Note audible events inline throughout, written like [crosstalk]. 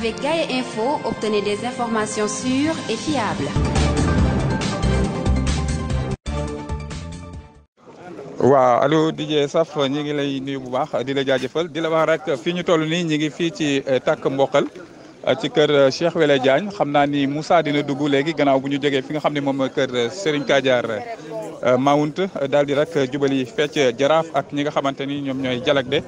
Avec Gaia Info, obtenez des informations sûres et fiables. waaw allo DJ Saf ñi ngi lay nuyu bu baax di la jaajëfal di la wax rek fi ñu toll nii ñi ngi fii ci eh, tàkk mboqal eh, ci kër eh, Cheikh Wele Diagne xam naa ni Moussa dina dugg léegi gannaaw bu ñu jógee fi nga xam ne moom kër Serigne Kadiar Euh, Mount euh, daal di rek euh, jubali fecc jaraaf ak ñi nga xamante ni ñoom ñooy jalak de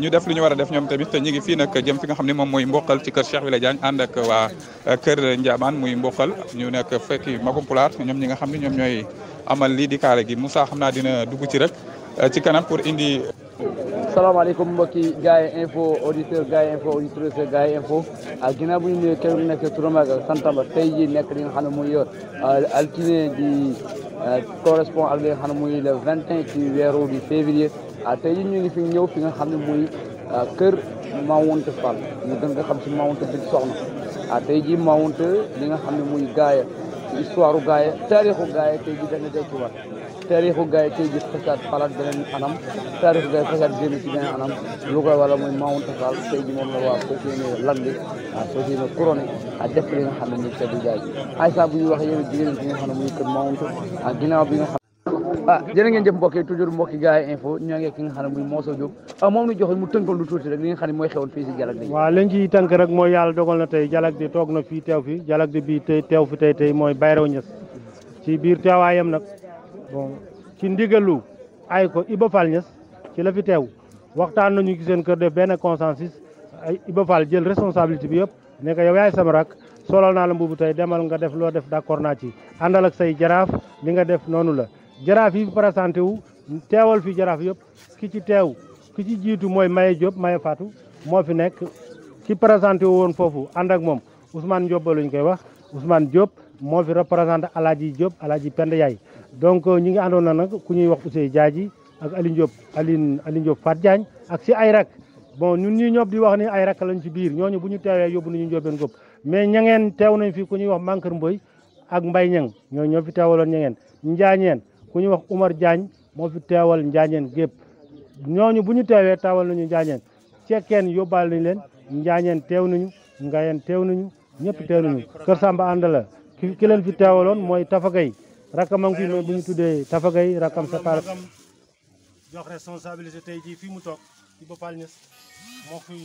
ñu def lu ñu war a def ñoom tamit ñi ngi fii nag jëm fi nga xam ni moom mooy mboqal ci kër Cheikh Wele Diagne ànd ak waa kër Ndiamane muy mboqal ñu nekk fekki Makumpular ñoom ñi nga xam ne ñoom ñooy amal lii di kaale gi Moussa xam naa dina dugg ci rek ci kanam pour indi. salaamaaleykum mbokki gars yi info auditeur gars yi info auditrice gars yi info ak ginnaaw bu ñu nuyee kenn ku nekk turam ak santam tey jii nekk li nga xam ne altine di. correspond ak li nga xam ne muy le vingt et un ci weeru di février ah, tey jii ñu ngi fi ñëw fi nga xam ne muy ah, kër Mawonte Fall ñu gën nga xam si Mawonte bi soxna ah tey jii Mawonte li nga xam ne muy gaaya histoire u gaaya taarixu gaaya tey jii dana dekkiwaat taarixu gars yi tey jii fekkaat xalaat beneen anam taarixu gars yi fekkaat génn la waa soo siy nee landi ah soo yi Aïssa bu ñu wax yow jigéen bi nga xam ne muy kër Mamounta ah ginnaaw bi nga xam ah jërë ngeen jëf mbokk yi toujours ki nga ne muy Moussa Diop ah moom mu tënkoon lu tuuti rek li nga xam ne mooy xewoon fii si Jalak bi waaw lañ ciy tënk rek mooy yàlla dogal na tey Jalak di toog na fii teew fi Jalak bi bii tey teew fi tey tey mooy Bayraw Ñas ci biir teewaayam nag bon ci ndigalu ay ko Iba Fall Niass ci la fi teew waxtaan ñu ci seen kër def benn consensus ay Iba Fall jël responsabilité bi yëpp ne ko yow yaay sama rak naa la mbubu tey demal nga def loo def d'accord naa ci àndal ak say jaraaf li nga def noonu la jaraaf yi présenté wu teewal fi jaraaf yëpp ki ci teew ki ci jiitu mooy Maye Diop Maye Fatou moo fi nekk ki présenté wu woon foofu ànd ak moom Ousmane Diop ba lañ koy wax usmaan Diop moo fi représenté Alaaji Diop Alaaji Pend Yaay donc euh, ñi ngi àndoon na nag ku ñuy wax Ousseyn Diadji ak Aline Diop Aline Aline Diop Fat Diagne ak si ay rak bon ñun ñi ñop di wax ni ay rak lañ ci biir ñooñu bu ñu teewee yóbbu nañu Ndiobène Gop mais ñangeen teew nañ fi ku ñuy wax Mankar Mboy ak Mbay Ñang ñooñu ñoo fi teewaloon ñangeen njaañeen ku ñuy wax Oumar Diagne moo fi teewal njaañeen gépp ñooñu bu ñu teewee teewal nañu njaañeen cekkeen yóbbaal nañ leen njaañeen teew nañu ngayeen teew nañu ñëpp teew nañu Kër Samba ànd la ki leen fi Rakam ki mooy buñu tuddé tafagay rakam sa par jox responsabilité tay ji fi mu tok ci bopal ñess mo fi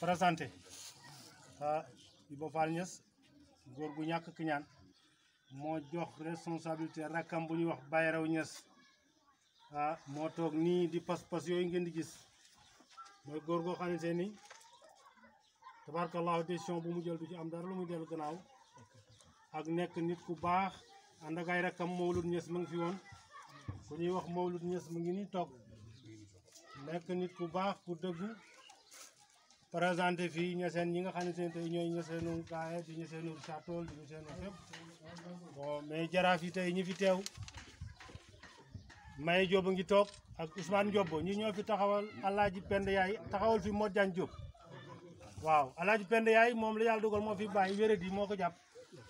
présenté ah bopal ñess gor gu ñak ki ñaan mo jox responsabilité rakam buñu wax bay Raw ñess ah mo tok ni di pas pass yoy ngeen di gis mooy gor go xamné ni tabarakallah décision bu mu jël du ci am dara lu mu jël gënaaw ak nek nit ku baax anda gay rek rakkam Mawlud ñess mu ngi fi won ku ñuy wax Mawlud ñess mu ngi ni tok nek nit ku baax ku dëggu présenté fi ñessen ñi nga xamne ne tey ñooy ñeseenu gaaya di ñeseenu chatol di ñeseenu fep bo mais jaraaf yi tay ñi fi tew may job ngi tok ak Ousmane Diop ñi ñoo fi taxawal Alaaji Pend Yaay taxawal fi modjan job waaw Alaaji Pend Yaay mom la yalla dugal mo fi wéré di moko japp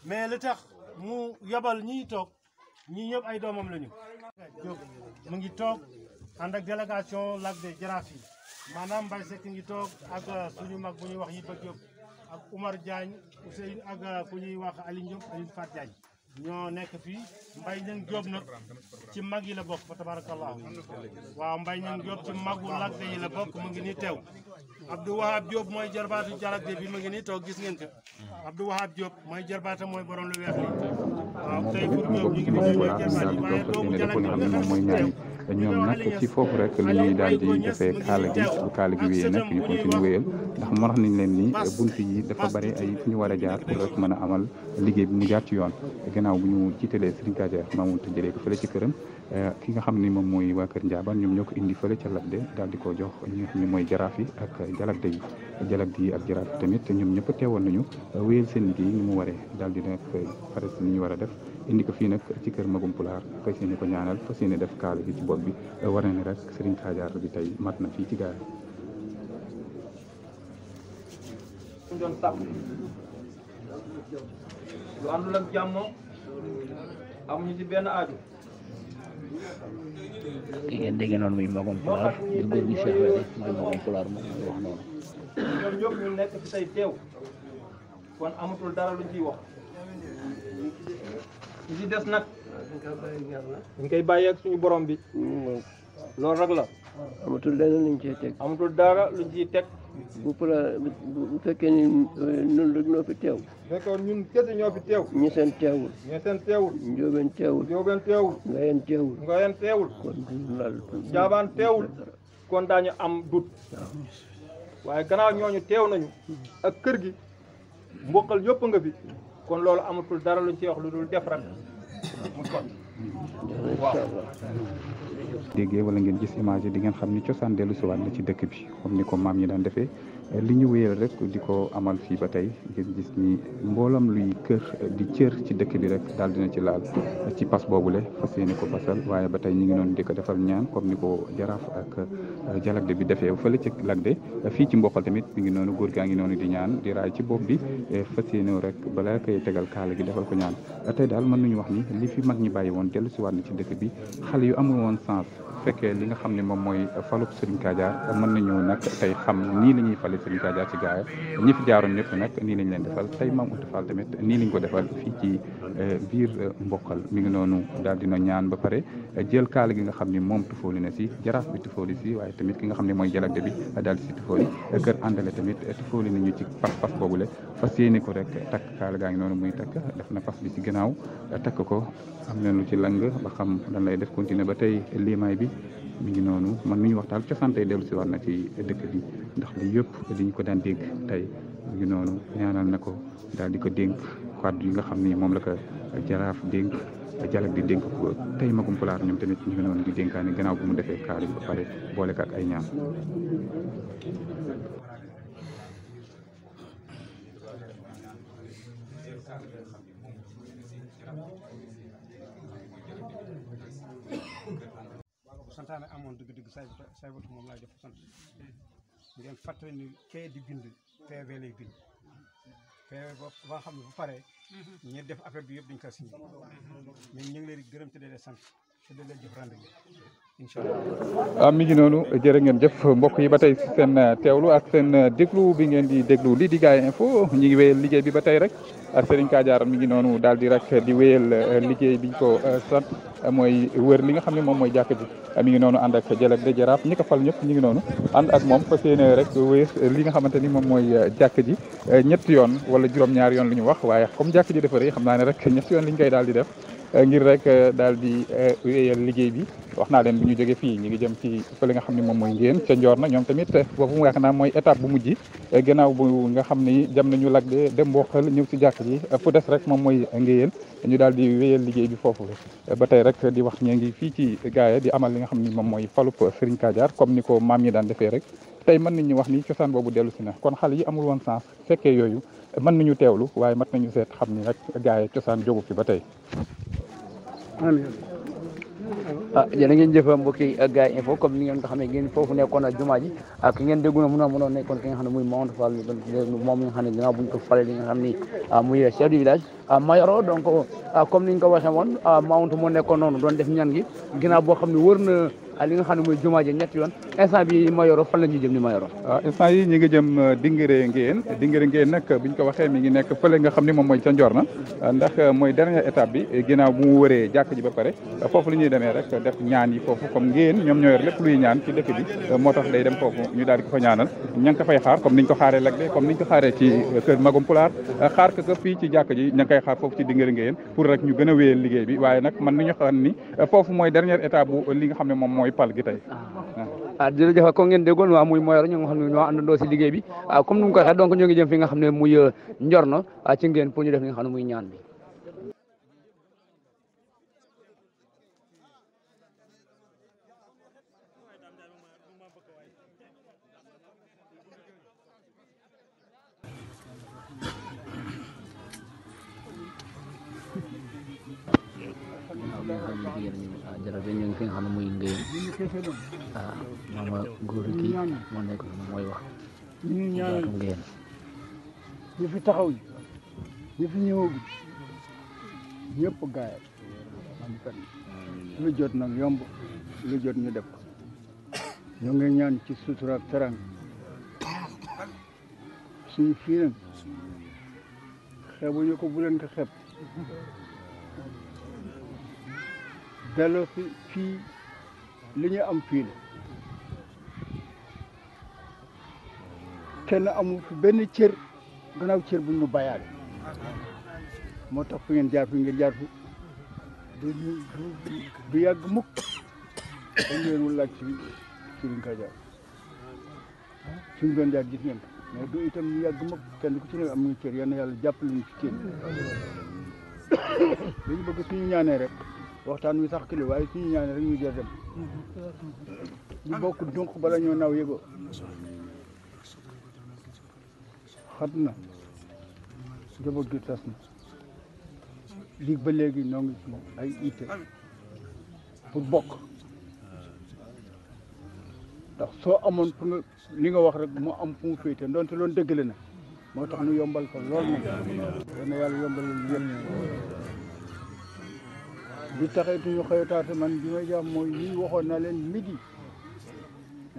mais le tax mu yabal ñi toog ñii ñëpp ay doomam lañu ñu mu ngi toog ànd ak délégation Lac de Jaraaf yi maanaam Mbaye Seck ngi toog ak euh, suñu mag bu ñuy wax yi ba Diop ak Oumar Diagne Ousseynou ak euh, ku ñuy wax Aliou Diop Aliou Fat ñoo nekk fii Mbaye Niang Diop nag ci mag yi la bokk fa tabarakallah waaw Mbaye Niang Diop ci magu lagde yi bokk mu ngi nii teew du Wahab Diop mooy jarbaatu jaragde bi mu ngi nii toog gis ngeen ko Abdou Wahab Diop mooy jarbaata mooy borom lu weex li waaw tey pour Diop ñu ngi fi jarbaat yi waaye doomu jarag bi nga xam si ñoom nag ci foofu rek lu ñuy daal di defee kaala gi bu kaala gi wéyee nag ñu continuer wéyal ndax moo tax nañ leen ni bunt yi dafa bari ay fu ñu war a jaar pour rek mën a amal liggéey bi mu jaar ci yoon gannaaw bu ñu jiitalee Serigne Gadiaga Mamoune te jëlee ko fële ci këram eh, ki nga xam ni moom mooy waa kër Ndiabane ñoom ñoo ko indi fële ca Labde daal di ko jox ñi nga mooy jaraaf yi ak jalagde yi jalagde yi ak jaraaf tamit ñoom ñëpp teewoon nañu eh, wéyal seen liggéey ni mu waree daal di nag pare ni ñu war a def indi ko fii nag ci kër magum pulaar fas yéene ko ñaanal fas yéene def kaala gi ci bopp bi war na ne sëriñ xaajaar bi tey mat na fii ci gaar doon sàpp lu àndul ak jàmm amuñu ci benn aaju ki ngeen dégg noonu muy magum pulaar moom mooy wax noonu ñoom nekk fi tey teew kon amatul dara lu ciy wax li ci des nag. dañ koy bàyyi ak suñu borom bi. Mm-hmm. loolu rek la. amatul dara luñ ciy teg. amatul dara luñ ciy teg. bu pla bu fekkee ni ñun eh, rek ñoo teew. fekkee ñun kese ñoo teew. ñi seen teewul. ñi seen teewul. njóobeen teewul. njóobeen teewul. ngayeen teewul. teewul. kon duñu laal. teewul. kon daañu am dut. waaye gannaaw ñooñu teew nañu. ak kër gi mboqal yëpp nga kon loolu amatul dara luñ ci wax lu dul def rek waaw déggee wala ngeen gis image yi di ngeen xam ni cosaan dellu waan na ci dëkk bi comme ni ko maam ñi daan defee li ñu wéyal rek di ko amal fii ba tey ngeen gis ni mboolam luy kër di cër ci dëkk bi rek daal dina ci laal ci pas boobule fas yéene ko pasal waaye ba tey ñu ngi noonu di ko defal ñaan comme ni ko jaraaf ak euh, jalagde bi defee fële ci lagde fii ci mboqal tamit mi ngi noonu góor gaa ngi noonu di ñaan di raay ci bopp bi e fas yéene rek balaa koy tegal kaala gi defal ko ñaan tey daal mën nañu wax ni li fi mag ñi bàyyi woon dellu si waat na ci dëkk bi xale yu amul woon sens fekkee li nga xam ne moom mooy falub Serigne Kadiar mën nañu nag tey xam nii la fale Serigne Touba jaar ci gaaya ñi fi jaaroon ñëpp nag nii lañ leen defal tey Maam Anta Fall tamit nii lañ ko defal fii ci euh, biir euh, mbokkal mi ngi noonu daal dina ñaan ba pare euh, jël kaala gi nga xam ni moom tufooli na si jaraaf bi tufooli si waaye tamit ki nga xam ne mooy jalagde bi daal di si tufooli kër àndale tamit tufooli nañu ci pas-pas boobule fas yéene ko rek takk kaala gaa ngi noonu muy takk def na pas bi si gannaaw takk ko am na lu ci lang ba xam dañ lay def continuer ba tey liimaay bi mi ngi noonu man mi ñu wax daal cosaan tey dellu si war na ci dëkk bi ndax li yëpp dañu ko daan dégg tey mi ngi noonu ñaanal na ko daal di ko dénk kàddu yi nga xam ni moom la ko jaraaf dénk a jalak di dénk ko tey magum pulaar ñoom tamit ñu ngi noonu di dénkaane gannaaw bu mu defee kaar yi ba pare boole ko ak ay ñaan waxtaan ak amoon dëgg-dëgg say say batu moom laay jox sant ngeen fàttali ni kee di bind PV lay bind PV ba nga xam ne bu paree mhm. ñi def affaire bi yëpp dañu ko signé mais mhm. ñu ngi leen di gërëm te dee sant Ah, mi ngi noonu jërë ngeen jëf mbokk yi ba tey seen eh, teewlu ak seen eh, déglu bi ngeen di déglu lii di Gaya Info ñu ngi wéyal liggéey bi ba tey rek Serigne Kadiar mi ngi noonu daal di rek di wéyal eh, liggéey biñ ko sant mooy wër li nga xam ne moom mooy jàkk ji mi ngi noonu ànd ak jëlëb de jaraaf ñi ko fal ñu ngi noonu ànd ak moom li nga xamante ni moom mooy jàkk ji ñett yoon wala juróom-ñaar yoon lu ñu wax waaye comme jàkk ji dafa rëy xam naa ne rek ñett yoon liñ koy daal di def ngir rek euh, daal di euh, wéyal liggéey bi wax naa leen bu ñu jógee fii ñu ngi jëm ci fële nga xam ne moom mooy ngeen ca njoor na ñoom tamit boobu euh, mu yaakaar naa mooy étape bu mujj gannaaw bu nga xam ni jam nañu lag de dem mboqal ñëw ci jàkk ji fu des rek moom mooy ngeen ñu daal di wéyal liggéey bi foofu ba tey rek di wax ñee ngi fii ci gaaya di amal li nga xam ni moom mooy falub Serigne Kadiar comme ni ko maam yi daan defee rek tey mën nañu wax ni cosaan boobu dellu si na kon xale yi amul woon sens fekkee yooyu mën nañu teewlu waaye mat nañu seet xam ni rek gaaya cosaan jógu fi ba tey ah jërë ngeen jëf mbokki Gaya Info comme ni ngeen ko xamee ngeen foofu nekkoon ak jumaa ji ngeen déggu na mun a mënoon nekkoon xam ne muy Mamadou Fall moom xam ne ginnaaw bu ñu ah, chef du village ah, Mayoro donc ah, comme ni ñu ko waxee woon Mamadou moo nekkoon noonu doon def ñaan gi ginnaaw boo xam ne wër na li nga xam ne mooy jumaa ji ñetti yoon instant bi Mayoro fan la ñuy jëm ni Mayoro a ah, instant yi ñi ngi jëm euh, Dingéré Ngéyeen Dingéré Ngéyeen nag euh, buñ ko waxee mi ngi nekk fële nga xam ne ah, euh, bi moo tax day dem foofu ñu daal di ko ñaanal ña fay xaar comme niñ ko xaaree lak de comme niñ ko xaaree ci Magum Pulaar xaar ko fii ci jàkk ji ña ngi xaar foofu ci Dingéré Ngéyeen pour rek ñu gën a wéyal liggéey bi waaye nag man ni ñu ni foofu mooy dernière étape bu li nga xam ne moom mooy mooy pal gi tey ah jërëjëf ko ngeen déggoon waa muy Moyor ñu nga xam ne ñoo àndandoo si liggéey bi ah comme ni mu ko waxee donc ngi jëm nga xam ne muy euh, njorno ah, ci ngeen pour ñu def li nga xam ne muy ñaan bi ñu xam fi nga ah, moo nekk mooy wax waatu ñu fi taxaw yi ñu fi ñëwagu ñëpp gaayal am lu jot nag yomb lu jot ñu def ko ñoo ngi ñaan ci sutura ak terang suñu fii nag xeebuñu ko bu leen ko delloo si fii li ñu am fii la kenn amul fi benn cër gannaaw cër bu ñu bayaale moo tax fu ngeen jaar fi ngeen jaar fi du du yàgg mukk dañ leen wul laaj ci Serigne Kadiar suñ doon jaar gis ngeen mais du itam ñu yàgg mukk kenn ku ci ne am nga cër yal na yàlla jàppale ñu ci cër [coughs] dañu bëgg suñu ñaanee rek waxtaan wi sax kii la waaye suñu ñaan rek ñu jël dem ñu bokk donc bala ñoo naw yëgoo xat na njaboot tas na dig ba léegi noo ngi ci ay itte pour ndax soo amoon pu li nga wax rek mu am fu mu féete donte loolu dëgg na moo tax ñu yombal ko lool nag dana yàlla yombal yëpp du taxeetuñu xëyataate man bi may jàpp mooy lii waxoon na leen midi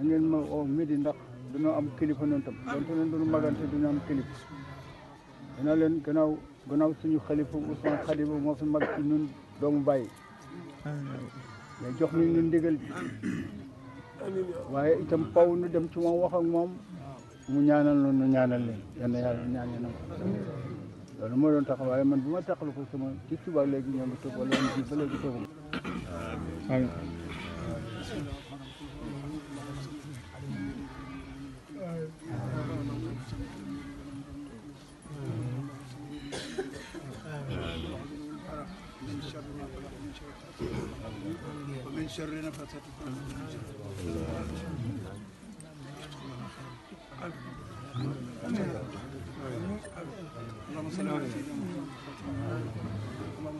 ngeen ma oo midi ndax dañoo am kilifa noonu tam donte leen duñu magante duñu am kilifa dana leen gannaaw gannaaw suñu xalifa Ousmane Khalifa moo fi mag ci ñun doomu bàyyi day jox ñu dégal ndigal waaye itam paw nu dem ci moom moom mu ñaanal noonu ñaanal leen yal na yàlla ñaan loolu moo doon taxawaay man bu ma taxalu ko sama ci suba léegi ñoo ngi toog wala ñu ba léegi toogul amiin ومن شر نفثات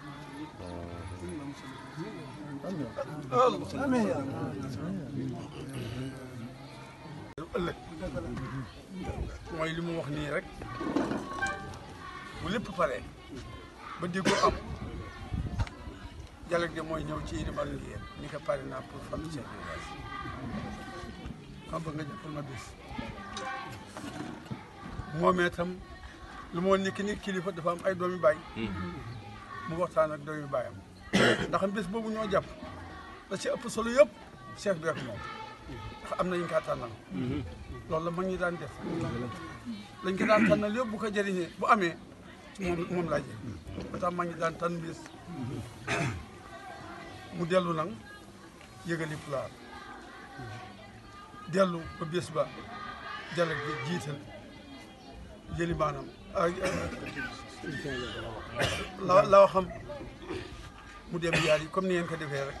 ëllëg mooy li mu wax nii rek bu lépp pare ba déggoo am dialogue de mooy ñëw ci Iliman Ndiaye ni ko pare naa pour fal chef de nga jàppal ma bis moomee tam lu moo nekk ni kilifa dafa am ay doomi bàyyi mu waxtaan ak doyu bayam ndax bis bobu ñoo japp da ci ëpp solo yëpp cheikh bi ak moom ndax am na ka tanal loolu la mag ñi daan def lañ ko daan tanal yëpp bu ko jëriñe bu amé mom mom la jé ba mag ñi daan tan bis mu nang, nag yëgali pulaar delu ba bis ba jël ak jital jëli maanaam la la waxam mu dem jaari comme ni ngeen ko defee rek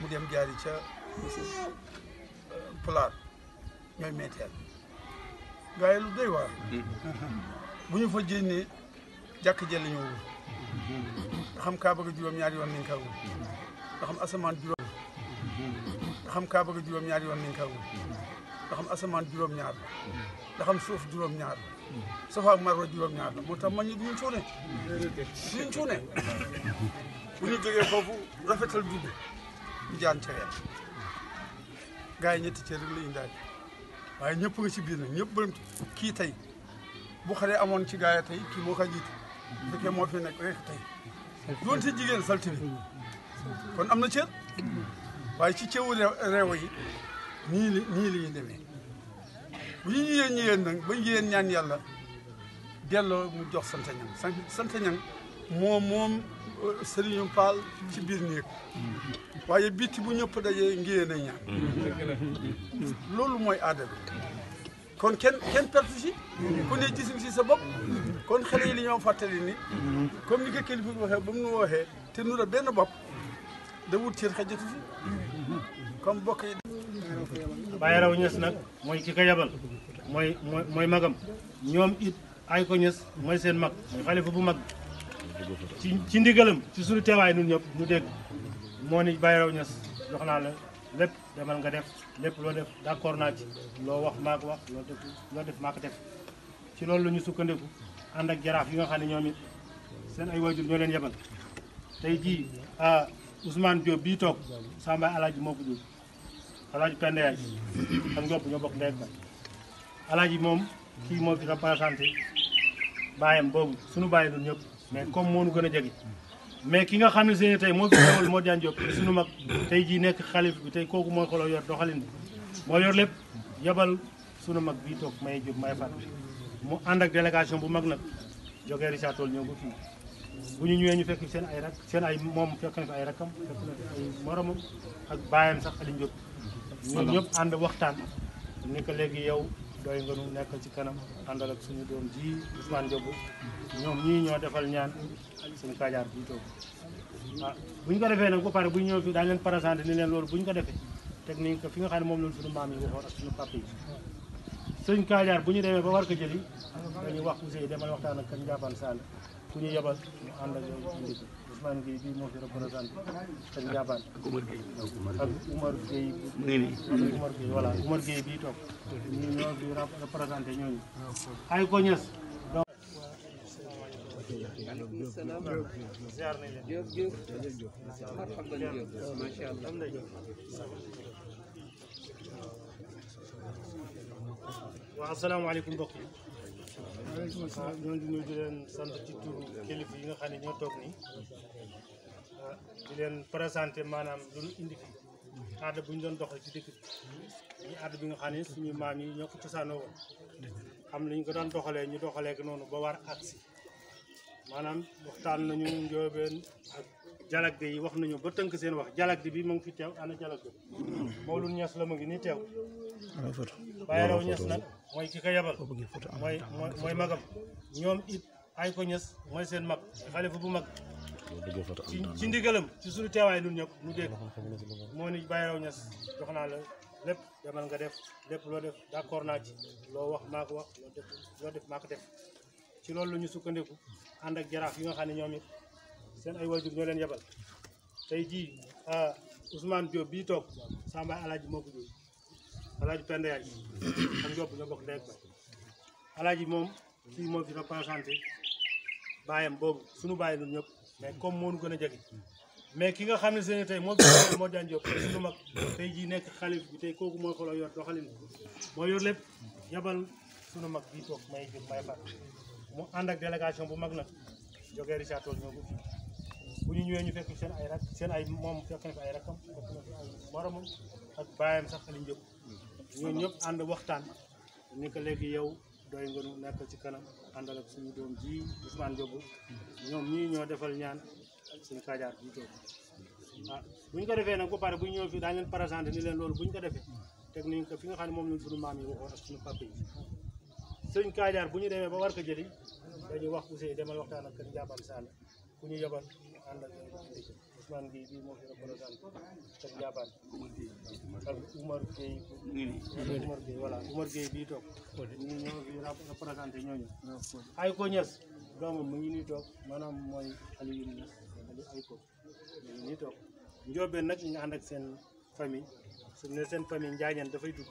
mu dem jaari ca euh, pulaar ñooy metteel gaa yi lu doy ñu fa jénnee jàkk jël ñu wër nga xam kaa bëgg juróom ñaar yoon nañ kaa wër nga asamaan juróom nga xam kaa bëgg juróom-ñaari yoon nañ kaa wër nga xam asamaan juróom-ñaar la nga juróom-ñaar safa ak marwa juróom-ñaar la moo tax man ñi duñu cuune duñu cuune bu ñu jógee foofu rafetal dund ñu jaan cereen gars yi ñetti cër rek la ñu daal waaye ñëpp ci biir na ñëpp kii tey bu xale amoon ci gars yi tey kii moo ko jiite fekkee moo fi nekk rek tey doon si jigéen salti kon am na cër waaye ci cëwu réew nii nii la ñuy bu ñu yéen yéen ba yéen ñaan yàlla delloo mu jox sant ñang sant sant moom moom euh, Serigne Paal ci biir néeg waaye bitti bu ñëpp dajee ngéen a ñaan loolu mooy aada kon kenn kenn pertu si ku ne gisul si sa bopp kon xale yi li ñoo fàttali ni comme ni ko kilifa bi waxee ba mu nu waxee te nu la benn bopp da wut cër comme bokk yi. Baye Raw Ñas nag mooy ki ko yabal mooy mooy mooy magam ñoom it ay ko ñes mooy seen mag mooy xalifa bu mag ci ci ndigalam ci suñu teewaay nun ñëpp ñu dégg moo ni Baye Raw Ñas naa la lépp demal nga def lépp loo def d'accord naa ci loo wax maa ko wax loo def loo def ci loolu la ñu sukkandiku ànd ak jaraaf yi nga xam ne ñoom it seen ay waajur ñoo leen yebal tey jii ah, Ousmane Diop bii toog Samba Alaaji moo ko alaaji Penda Yaay ak Ndiop ñoo bokk ndey ak baay moom kii moo fi représenté baayam boobu suñu bàyyi dun ñëpp mais comme moo nu gën a jege mais ki nga xam ne seeni tey moo fi teewal moo daan Diop suñu mag tey jii nekk xalif bi tey kooku mooy xolo yor doxalin moo yor lépp yabal sunu mag bii toog may Diop may fat mu ànd ak délégation bu mag nag jógee Richard tool ñëw ba fii bu ñu ñëwee ñu fekk seen ay rak seen ay moom fekk na fi ay rakam fekk na fi ay moromam ak ba sax Aliou ñun ñëpp ànd waxtaan ni ko léegi yow doy nga nu nekk ci kanam àndal ak suñu doom ji Ousmane Diop ñoom ñii ñoo defal ñaan suñu kajaar bii toog ah bu ñu ko defee nag ba pare bu ñu ñëw fii daañu leen présenté ni leen bu ñu ko defee teg nañ ko fi nga xam ne moom loolu suñu maam yi waxoon ak suñu papa yi Kajaar bu ñu demee ba war ko jëli dañuy wax Ousseynou demal waxtaan ak kan Ndiaphane Sall ku ñu yebal mu ànd ak yow indi ko Ousmane Gueye bii moo fi représenté seen Ndiabane ak Umar Gueye ak Umar Gueye Umar Gueye voilà Umar Gueye bii toog ñu ñoo di représenté ñooñu ay ko ñes donc maaleykum salaam ziar nañ leen Diop Diop marhaban Diop macha allah waaw asalaamaaleykum mbokk yi ñoo ngi nuyu di leen sant ci turu kilifa yi nga xam ne ñoo toog ni di leen présenté maanaam lu ñu indi fi aada bu ñu doon doxal ci dëkk bi ñu aada bi nga xam ne suñu maam yi ñoo ko cosaanoo woon am nañ ko daan doxalee ñu doxalee ko noonu ba war agsi maanaam waxtaan nañu njoobeen ak jalagde yi wax nañu ba tënk seen wax jalagde bi mu ngi fi teew ana jalagde Mawlud Niass la ma ngi nii teew Baye Raw Niass nag mooy ki ko yabal mooy mooy magam it ay ko Niass mooy seen mag xalifa bu mag ci ndigalam ci suñu teewaay nun ñëpp nu dégg moo ni Baye Raw Niass jox naa la lépp demal nga def lépp loo def d'accord naa ci loo wax maa ko wax loo def loo ci loolu la ñu sukkandiku ànd ak jaraaf yi nga xam ne ñoom it seen ay waajur ñoo leen yebal tey jii Ousmane Diop bii toog Samba alaaji moo ko jóg alaaji Penda Yaay ak Diop ñoo bokk ndey ak moom fii moo fi représenté baayam boobu suñu bàyyi ñun ñëpp mais comme moo gën a jege mais ki nga xam ne seen tey moo fi moo daan Diop suñu mag tey jii nekk xalif kooku mooy moo yor lépp yebal sunu mag bii toog may jóg may fat mu ànd ak bu mag nag jógee Richard Toll ñoo ko fii bu ñu ñëwee ñu fekk seen ay rak seen ay moom fekk na fi ay rakam fekk na ay moromam ak bàyyam sax li njëkk ñoo ñëpp ànd waxtaan ni ko léegi yow doy nga nu nekk ci kanam àndal ak suñu doom ji Ousmane Diop ñoom ñii ñoo defal ñaan suñu kaajaar bii toog ah ko defee nag ba pare bu ñëw leen ni leen ko ko fi nga lañ suñu yi ak suñu papa yi ba war ko jëli wax waxtaan ak ku ñu ànd ak Ousmane Gueye bii moo fi représenté ca Ndiabane ak Oumar Gueye Oumar Gueye voilà Oumar Gueye bii toog ñu ñoo fi représenté ñooñu ah, ay ko ñes doomam mu ngi nii toog maanaam mooy Aliou Niass Aliou ko mu ngi nii toog seen famille su ne seen famille njaañeen dafay dugg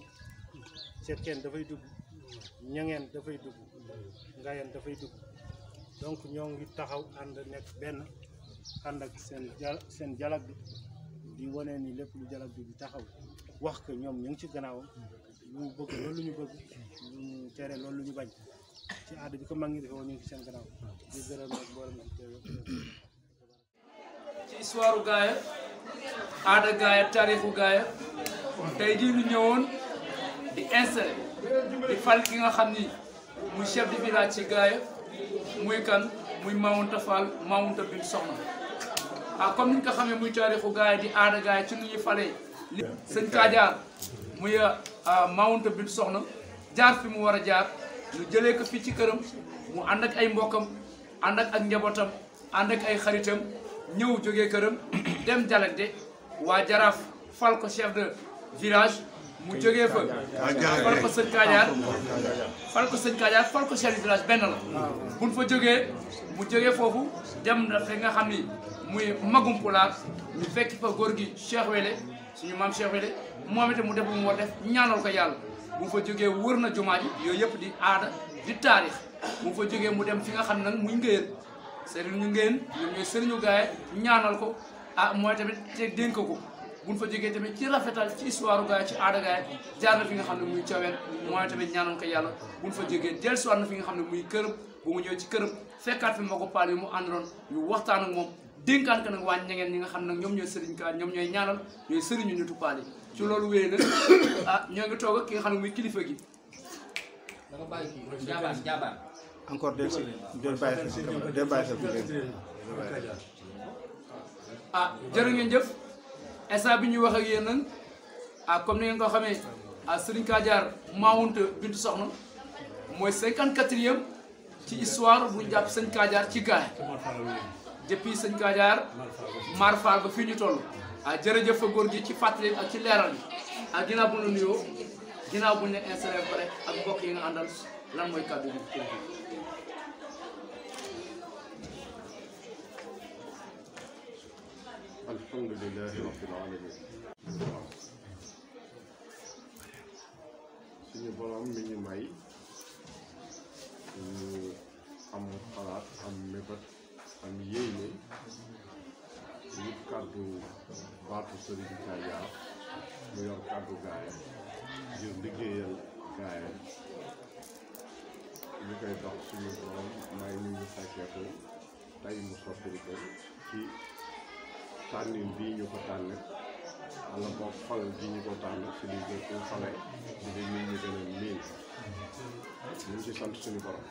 seet kenn dafay dugg ñangeen dafay dugg ngayeen dafay dugg donc ñoo ngi taxaw ànd nekk benn andak sen seen ja bi di wone ni lepp lu dialogue bi di taxaw wax que ñom ñu ci gënaaw ñu bëgg loolu ñu bëgg ñu tere loolu ñu bañ ci add bi ko mag defo ñu ci sen gënaaw di gërëm nag borom ci teew ci histoire gaaya add gaaya taarixu gaaya tay ji ñu ñëwoon di insérer di fal ki nga xamni muy chef de village ci gaaya muy kan muy Maounta Fall Maounta Bin Soxna ah comme ni ñu ko xamee muy taarixu gars yi di aada gars yi ci nu ñuy falee. sëñ Kadiar muy ah, Maounta bi soxna jaar fi mu war a jaar ñu jëlee ko fii ci këram mu ànd ak ay mbokkam ànd ak ak njabootam ànd ak ay xaritam ñëw jógee këram dem Jalante waa Jaraaf fal ko chef de village. mu jógee fa fal ko sëñ Kadiar fal ko sëñ Kadiar fal ko chef du village benn la buñ fa jógee mu jógee foofu dem na fi nga xam ni muy magum pulaar ñu fekk fa góor gi Cheikh Wele suñu maam Cheikh Wele moom itam mu def mu war def ñaanal ko yàlla bu fa jógee wër na jumaa ji yooyu yëpp di aada di taarix bu fa jógee mu dem fi nga xam nag muy ngëyeen sëriñ ñu ngëyeen ñoom ñooy sëriñu gaaye ñaanal ko ah mooy tamit te dénk ko buñ fa jógee tamit ci rafetal ci histoire gaay ci aada gaay jaar na fi nga xam ne muy caween mooy tamit ñaanal ko yàlla buñ fa jógee del soir na fi nga xam ne muy këram bu mu ñëw ci këram fekkaat fi ma ko paal yi mu àndaloon ñu waxtaan ak moom dénkaan ko nag waa ñangeen ñi nga xam ne ñoom ñooy sëriñ ka ñoom ñooy ñaanal ñooy sëriñu nitu paal yi ci loolu wéy nag [coughs] ah ñoo ngi toog ak ki nga xam ne muy kilifa gi da nga bàyyi kii jaabaar jaabaar encore del si del bàyyi del bàyyi ah jërë ngeen jëf instant bi ñuy wax ak yéen a ah, comme ni ngeen ko xamee ah Serigne Kadiar Maounta Bintu Soxna mooy 54eem ci histoire bu ñu jàpp sëñ Kadiar ci gaay depuis sëñ Kadiar Marfal ba fii ñu toll. ah jërëjëf fa gi ci fàttali ak ci leeral bi ak ah, ginnaaw bu ñu la nuyoo ginnaaw bu ñu la ba pare ak mbokk yi nga àndal lan mooy kàddu gi. alhamdulilahi rabbil alamin suñu borom mi ñu may ñu am xalaat am mébat am yéene ñu kàddu baatu sëriñ Caaya mu yor kàddu gaaya ngir liggéeyal gaaya ñu koy may ñu ñu fekkee ko tey mu soppiri ko ci tànnin bii ñu ko tànn wala boog fal bi ko tànn si di leen nit ñi gën a miin ñu ngi ci sant suñu borom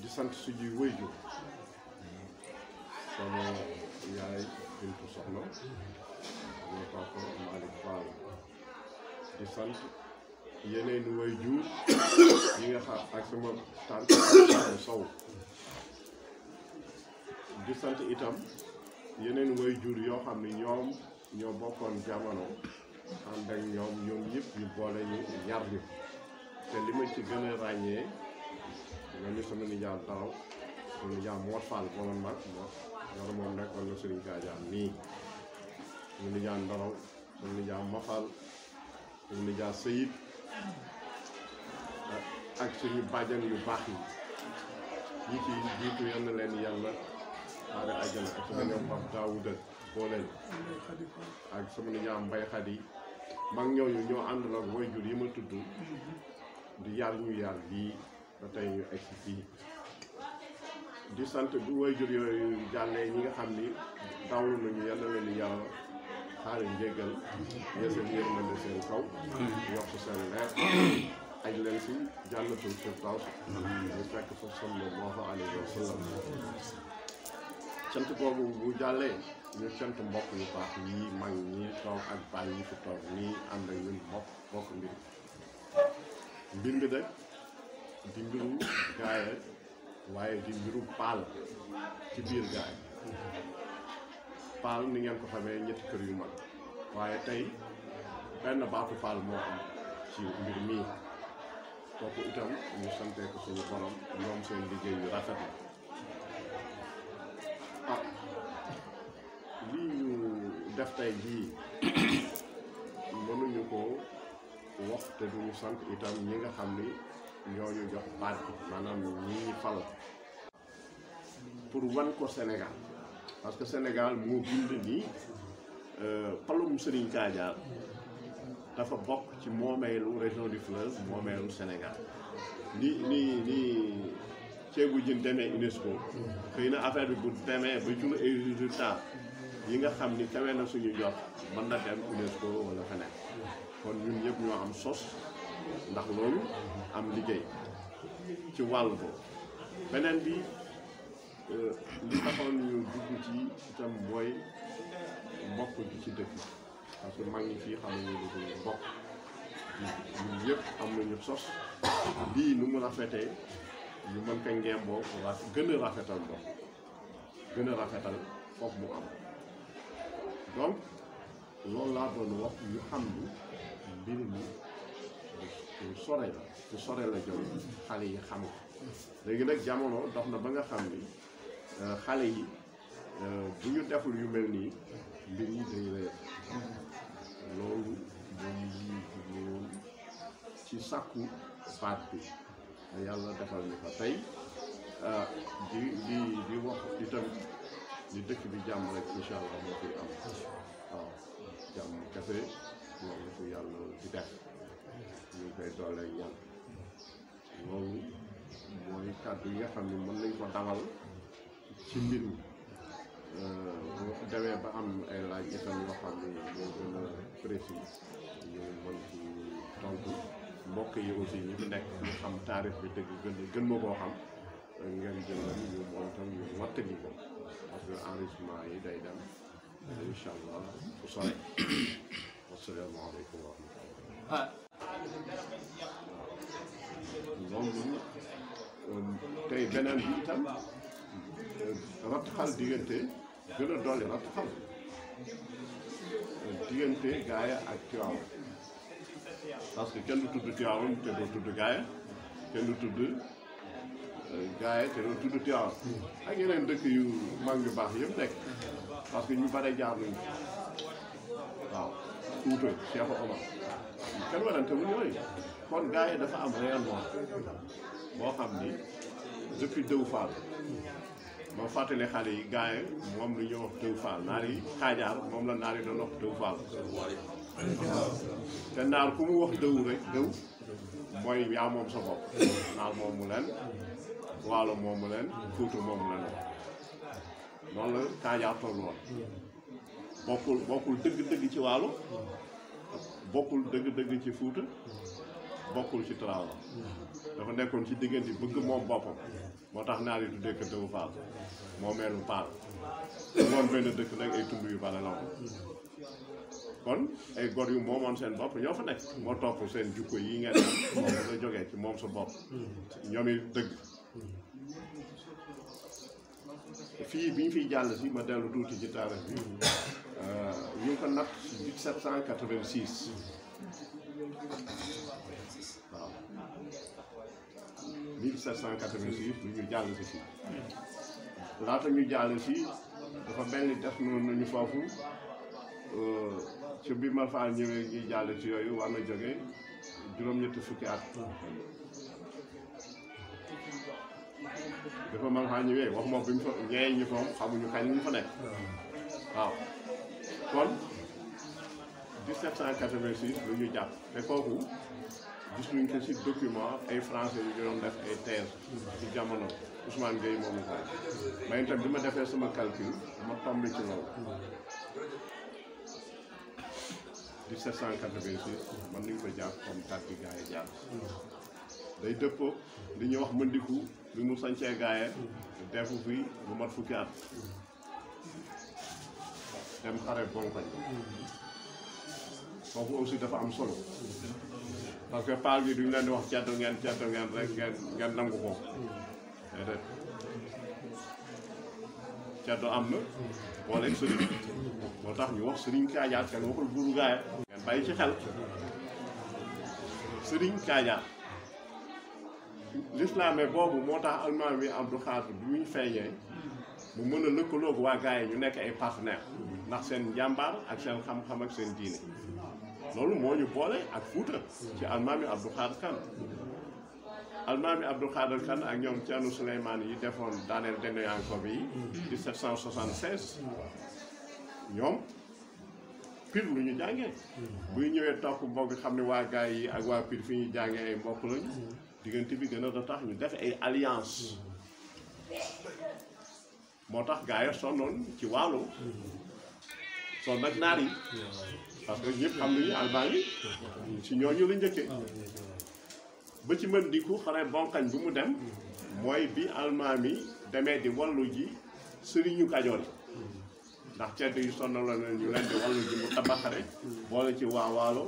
di sant suñuy wëyju sama yaay Bintu Soxna sama di sant yeneen wëyju yi nga xam ak sama tànn Sow di sant itam yeneen jur yoo xam ne ñoom ñoo bokkoon jamono ànd ak ñoom ñoom ñëpp ñu boole ñu yar ñu te li ma ci gën a ràññee nga ñu sama nijaay Daraw sama nijaay Mor moom nekkoon na Serigne Kadiane nii sama nijaay Daraw sama ak suñu bàjjan yu baax yi ñi ci jiitu leen yàlla ada àjjana ak sama ñoom Pape Daouda boole ak sama ñaam Mbay Xadi mag ñooñu ñoo àndal ak woy jur di yar ñu yar ba ñu di sant bu woy jur yooyu jàllee ñi nga xam ni dawlu nañu yàlla leen yàlla xaare njéggal yeesal yërmande seen kaw yokk seen leer aj leen si jànnatul firdaws sallallahu alayhi wa sallam cant boobu bu jàllee ñu cant mbokk yu baax yii mag ñi toog ak bàyyi ci toog nii am na ñun mbokk bokk mbir mi de di mbiru gaaye waaye di mbiru paal ci biir gaay paal ni ngeen ko xamee ñetti kër yu mag waaye tey benn baatu paal moo am ci mbir mii kooku itam ñu santee suñu borom ñoom seen liggéey yu rafet la def tey jii mënuñu ko wax te duñu sant itam ñi nga xam ni ñoo ñu jox baat bi maanaam ñii fal pour wan ko Sénégal parce que Sénégal moo bind ni euh, palum Serigne Kadiar dafa bokk ci moomeelu région du Fleuve moomeelu Sénégal ni ni ni ceebu jën demee UNESCO xëy na affaire bi bu demee ba jur résultat yi nga xam ni kawe na suñu jot mën na dem UNESCO wala feneen kon ñun yëpp ñoo am sos ndax loolu am liggéey ci wàll boobu beneen bi euh, li taxoon ñu dugg ci itam booy bokk gi ci dëkk parce que mag ñi fii xam nañu lu dul mbokk ñun yëpp am nañu sos bii nu mu rafetee ñu mën ko ngemboo ra gën a rafetal mbokk gën a rafetal foofu mu am donc loolu laa doon wax ñu xam ni mbir mi lu sore la lu sore la jëm xale yi xam ko léegi nag jamono dox na ba nga xam ni euh, xale yi euh, bu ñu deful yu mel nii mbir yi day loolu mooy lii jubloon ci sàkku baat bi yàlla defal ñu ko tey euh, di di di wax itam ni dëkk bi jàmm rek incha allah moo koy am waaw jàmm kese moom ko yàlla yi nga xam ne mën nañ ko dawal ci mbir mi euh, boo demee ba am ay laaj itam yoo xam moo gën a précis ñu mën ci tontu mbokk yi aussi ñi fi nekk ñu xam taarif bi dëgg gën ma koo xam ngeen jël ñu moom itam ñu wattali ko بالعريس معي ليلا ان شاء الله تصالح والسلام عليكم ورحمه الله نظن tey beneen bi itam ratxal diggante gën a dolli ratxal diggante gaaya ak Tiwaawan parce que kenn du tudd Tiwaawan te doo tudd gaaya kenn du tudd gaaye te doon tudd Tiwaawan ak yeneen dëkk yu mag yu baax yëpp nekk parce que ñu bare jaar nañu waaw Fuuta Cheikh Omar kenn werante wu ñu lay kon gaaye dafa am rayonnement boo xam ni depuis Dëw Fall ma fàttali xale yi gaaye moom lu ñuy wax Dëw Fall naar yi xaajaar moom la naar yi doon wax Dëw Fall te naar ku mu wax dëw rek dëw mooy yaa moom sa bopp naar moom mu leen waalo moomu leen Fuuta moomu leen woon noonu la Kanja woon bokkul dëgg-dëgg ci waalo bokkul dëgg-dëgg ci Fuuta bokkul ci Tiwaawan dafa nekkoon ci diggante bëgg moom boppam moo tax naar yi tuddee kër Dëwu Faal moo meelu Paal moom benn dëkk nag ay tund yu bale la woon kon ay gor yu moomoon seen bopp ñoo fa nekk moo topp seen jukko yi ngeen moom moom sa bopp dëgg fii bi ñu fiy jàll si ma dellu tuuti ci taarix bi euh, ñu ngi ko natt 1786 waaw 1786 bi ñu jàll si fii laata ñu jàll si dafa benn def noonu euh, ñu foofu ci bi ma faa ñëwee ñuy jàll si yooyu war na jógee juróom-ñetti fukki at bi fa man xaa ñëwee waxuma bi mu fa ñee ñu fa xamuñu kañ ñu fa nekk waaw kon 1786 lu ñu jàpp te kooku gis nañ ko si document ay français yu doon def ay thèse ci jamono Ousmane Gueye moomu ko may itam bi ma defee sama calcul ma tombé ci loolu 1786 man nañ ko jàpp comme date yi jàpp day dëppoo li ñuy wax mëndiku bi mu sañcee gaaye defu fi lu mat fukki at dem xare bonkoñ foofu aussi dafa am solo parce que paal bi duñ leen di wax ceddo ngeen ceddo ngeen rek ngeen ngeen nangu ko déedéet ceddo am na booleeg sëriñ moo tax ñu wax sëriñ kaajaar kenn waxul buuru gaaya ngeen bàyyi ci xel sëriñ kaajaar lislaame boobu moo tax almaam bi Abdou Khadre bi muy feeñee mu mën a lëkkaloog waa gars yi ñu nekk ay partenaire ndax seen njàmbaar ak seen xam-xam ak seen diine loolu moo ñu boole ak Fuuta ci almaam bi Abdou Khadre Kane almaami Abdou Khadre Kane ak ñoom Thierno Souleymane yi defoon daaneel Dendoyanko bi 1776 ñoom pir lu ñu jàngee buy ñëwee topp mbokk xam ne waa gars yi ak waa pir fi ñuy jàngee ay mbokk lañu diggante bi gën a tax ñu def ay alliance moo tax gaa yi sonnoon ci waalo sonn nag naar yi parce que ñëpp xam nañu albaan yi ci ñooñu la njëkkee ba ci mën diku xare bonkañ bu mu dem mooy bi almaam yi demee di wallu ji sëriñu kajoor yi ndax cedd yu sonn la ne ñu leen di wallu ji mu tabaxare boole ci waa waalo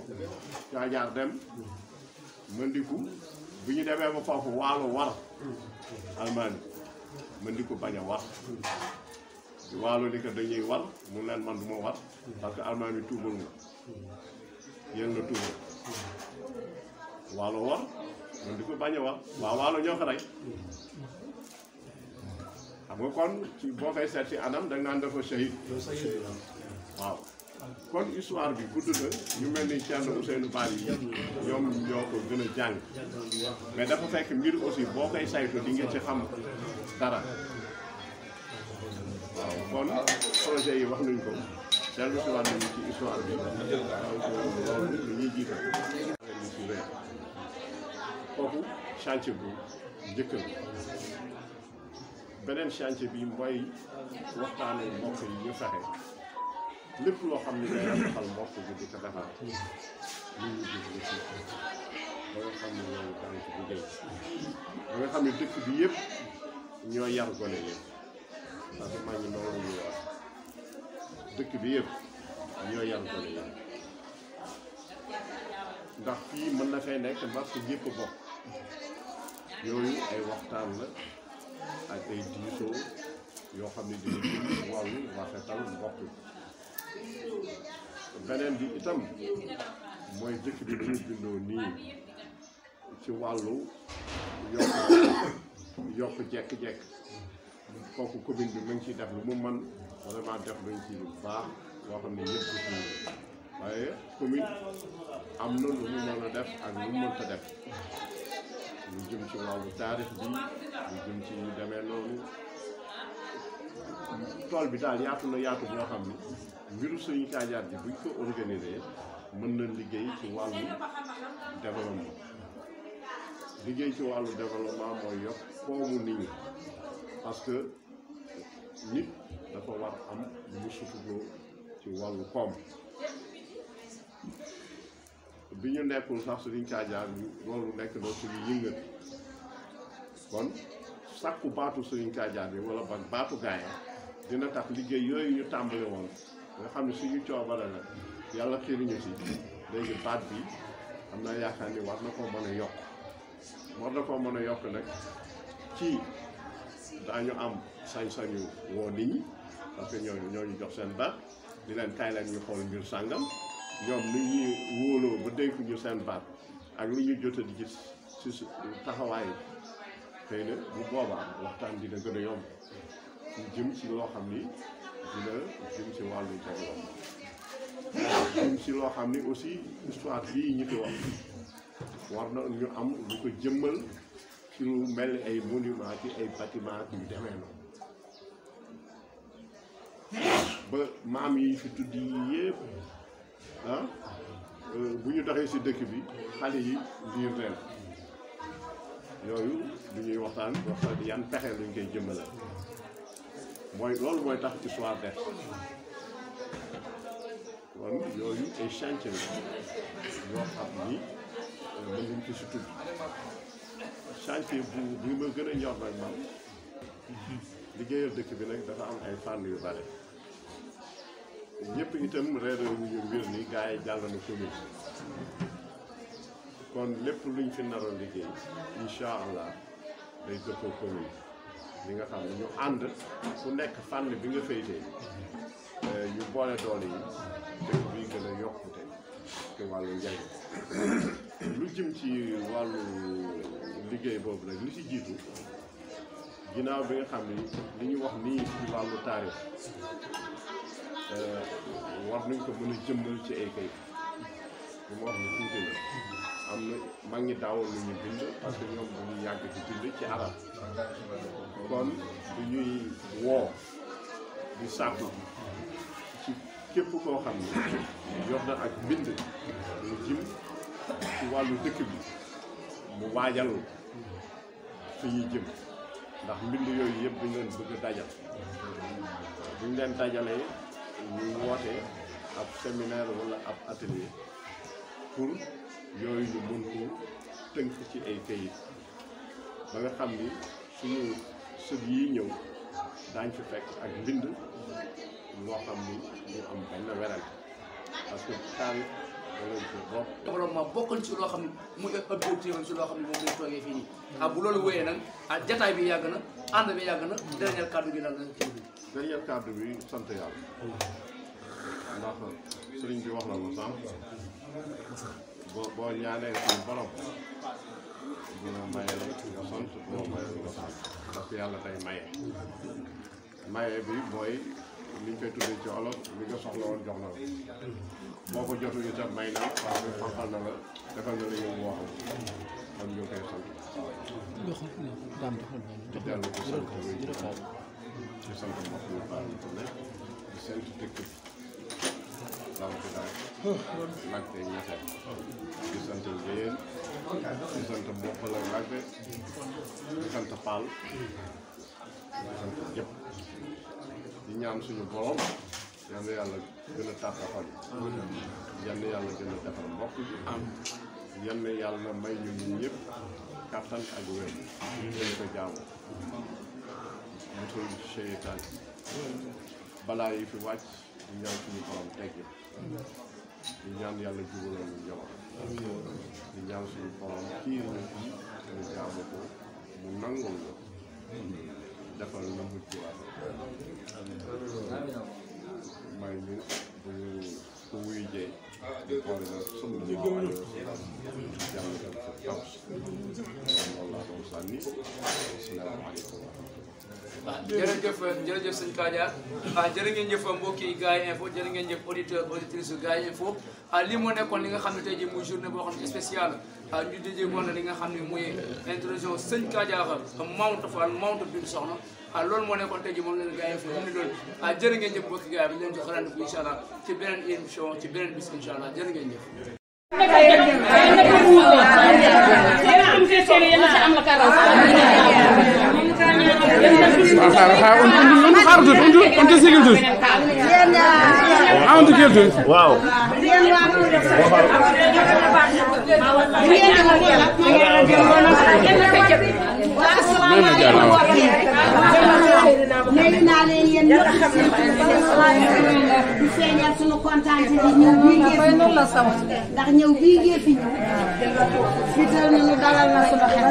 caajaar dem mën diku buñu ñu demee ba foofu waalo war alman man diko baña wax a war di waalo di ko dañuy war mu leen man duma ma war parce que alman almaani tuugul nga yeen la tuugul walu war man diko baña wax wa walu waa waalo ñoo ko xam nga kon ci bo fay seet si anam dag nga naan dafa shahid waaw kon histoire bi gudd na ñu mel ni Thierno Ousseynou Bal yi ñoom ñoo ko gën a jàng mais dafa fekk mbir aussi boo koy saytu di nga ci xam dara waaw kon projet yi wax nañ ko dellu si waat nañu ci histoire bi loolu lu ñuy jiite kooku chantier bu njëkk beneen chantier bi mooy waxtaane mbokk yi ñu fexe lépp loo xam ne day rafetal mbokk bi di ko defar nit ñi di ko gis ba nga xam xam ne dëkk bi yëpp ñoo yar gone yi bi yëpp ñoo yar gone ndax fii mën na fee nekk parce que yépp bokk yooyu ay waxtaan la ak ay diisoo yoo xam ne dina jëm wàllu rafetal mbokk beneen bi itam mooy dëkk bi ñu bindoo nii ci wàllu yokk [coughs] yokk jekk-jekk kooku commune bi mu ngi ciy def lu mu man vraiment def nañ ci lu baax xam ne ñëpp ci waaye commune am na lu mu a def ak lu mu mënta def lu jëm ci wàllu taarix bi lu jëm ci demee noonu tool bi daal yaatu na yaatu boo xam ni mbiru sëriñ Sadiar bi buñ ko organisé mën na liggéey ci wàllu développement liggéey ci wàllu développement mooy yokk koomu nit ñi parce que nit dafa war am lu mu suturloo ci wàllu koom bi ñu nekkul sax sëriñ Sadiar loolu nekk na suñu yëngat kon sàkku baatu sëriñ Sadiar bi wala baatu gaaya dina tax liggéey yooyu ñu tàmbali woon nga xam ne suñu coobare la yàlla xiriñu si léegi baat bi am na yaakaar ni war na koo mën a yokk war na koo mën a yokk nag ci dañu am sañ-sañu woo nit ñi parce que ñooñu ñoo ñu jox seen baat di leen kaay leen ñu xool ngir sàngam ñoom lu ñuy wóoloo ba dénk ñu seen baat ak lu ñu jot a di gis si taxawaay xëy na bu boobaa waxtaan dina gën a yomb ñu jëm ci loo xam ni. dina jëm si wàllu développement jëm si loo xam ni aussi histoire bi ñu fi wax war na ñu am lu ko jëmmal ci lu mel ay monument ci ay bâtiment yu demee noonu ba maam yi fi tudd yi yëpp ah, euh, bu ñu doxee si dëkk bi xale yi liir leen yooyu du ñuy waxtaan yan pexe lañ koy jëmmale mooy loolu mooy tax histoire def kon yooyu ay chantier la yoo xam ni mën ko si tudd chantier bu bi ma gën a ñor nag man liggéeyal dëkk bi nag dafa am ay fànn yu bare ñëpp itam réeré wu ñu mbir ni gars yi jàll na commune kon lépp luñ fi naroon liggéey incha allah day dëppoo commune bi nga xam ne ñu ànd ku nekk fànn bi nga féetee euh, ñu boole doole yi dëkk bi gën a yokkute ci walu njàng lu jëm ci wàllu liggéey boobu nag li ci jiitu ginnaaw bi nga xam ni li ñu wax nii ci wàllu taarix euh, war nañ ko mën a jëmmal ci ay kayit li ma wax ni tuuti la am na mag ñi daawoon lu ñu bind parce que ñoom dañuy yàgg di bind ci arab kon du ñuy woo di sàkku ci képp koo xam ne yor na ak mbind lu jëm ci wàllu dëkk bi mu waajal fi ñuy jëm ndax mbind yooyu yëpp dañ leen bëgg dajal buñ leen dajalee ñu woote ab séminaire wala ab atelier pour yooyu ñu mën tënk ci ay kayit ba nga xam ni suñu sëb yi ñëw daañ fi fekk ak mbind moo xam ni ñu am benn weral que taal loolu fii nii ah bu loolu wéyee nag ah jataay bi yàgg na ànd bi yàgg na dernier kàddu bi sant yàlla ndax sëriñ bi wax na ko sànq boo boo ñaanee suñu borom gën a maye nga sant boo maye nga sant ndax yàlla day maye maye bi mooy liñ koy tuddee ci olof li nga soxla jox na la boo ko jotul itam may naa parce que fanqal na la defal na la yow woo xam kon ñu sant di dellu ko sant di sant mbokk yu baax yi ko nekk di sant dëkk bi mag tey ñu xeex di sant yéen di sant bopp jëpp di ñaan suñu borom yal na yàlla gën a tàttaxal yal na yàlla gën a defar mbokk am yal na yàlla may ñu ñun ñëpp kàttan ak wér yi fi suñu borom teggi di ñaan yàlla jubaloon ñu njaboot di ñaan suñu borom kii ñu ci mu nangul la defal mu ci may ñu bu ñu ko wuy jee di boole nag sunu maam yoo jàng dem sa tabs loolu laa doon sànni asalaamaaleykum waaw jërëjëf jërëjëf sëñ Kadiar ah jërë ngeen jëf mbokki Gaya fo jërë ngeen jëf auditeur auditrice Gaya Info ah lii moo nga xam ne tey jii muy journée boo xam ne spéciale ah déjee woon na nga xam ne muy introduction sëñ Kadiar Maodo Fall Maodo Binou Soxna ah loolu moo nekkoon tey jii moom leen Gaya Info moom ni loolu ah jërë ngeen jëf mbokki Gaya bi leen jox rendez-vous incha allah jëf waaw may naa leen yéen ñëpp di feeñal suñu kontaan ci di ñëw bii ngeen fi ndax ñëw bii ngeen fi ñëw fital nañu dalal na suñu xel